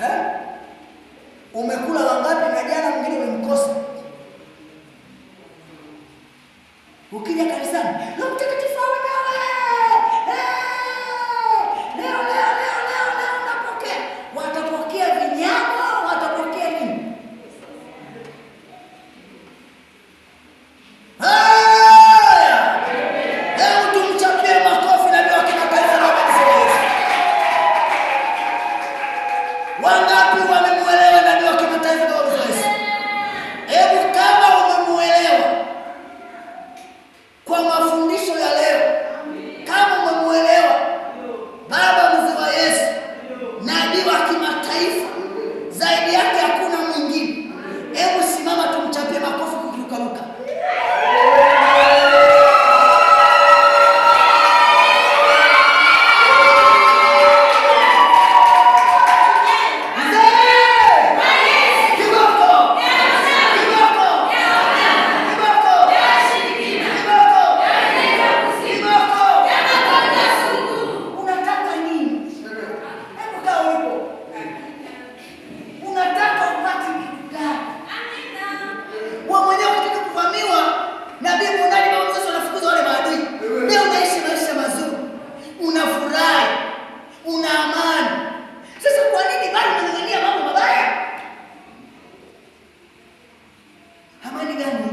eh? Umekula wangapi na jana mwingine umemkosa. Ukija kanisani, Wangapi wamemuelewa nabii wa kimataifa kama Yesu? Hebu kama umemuelewa kwa mafundisho ya vida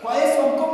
Quais é são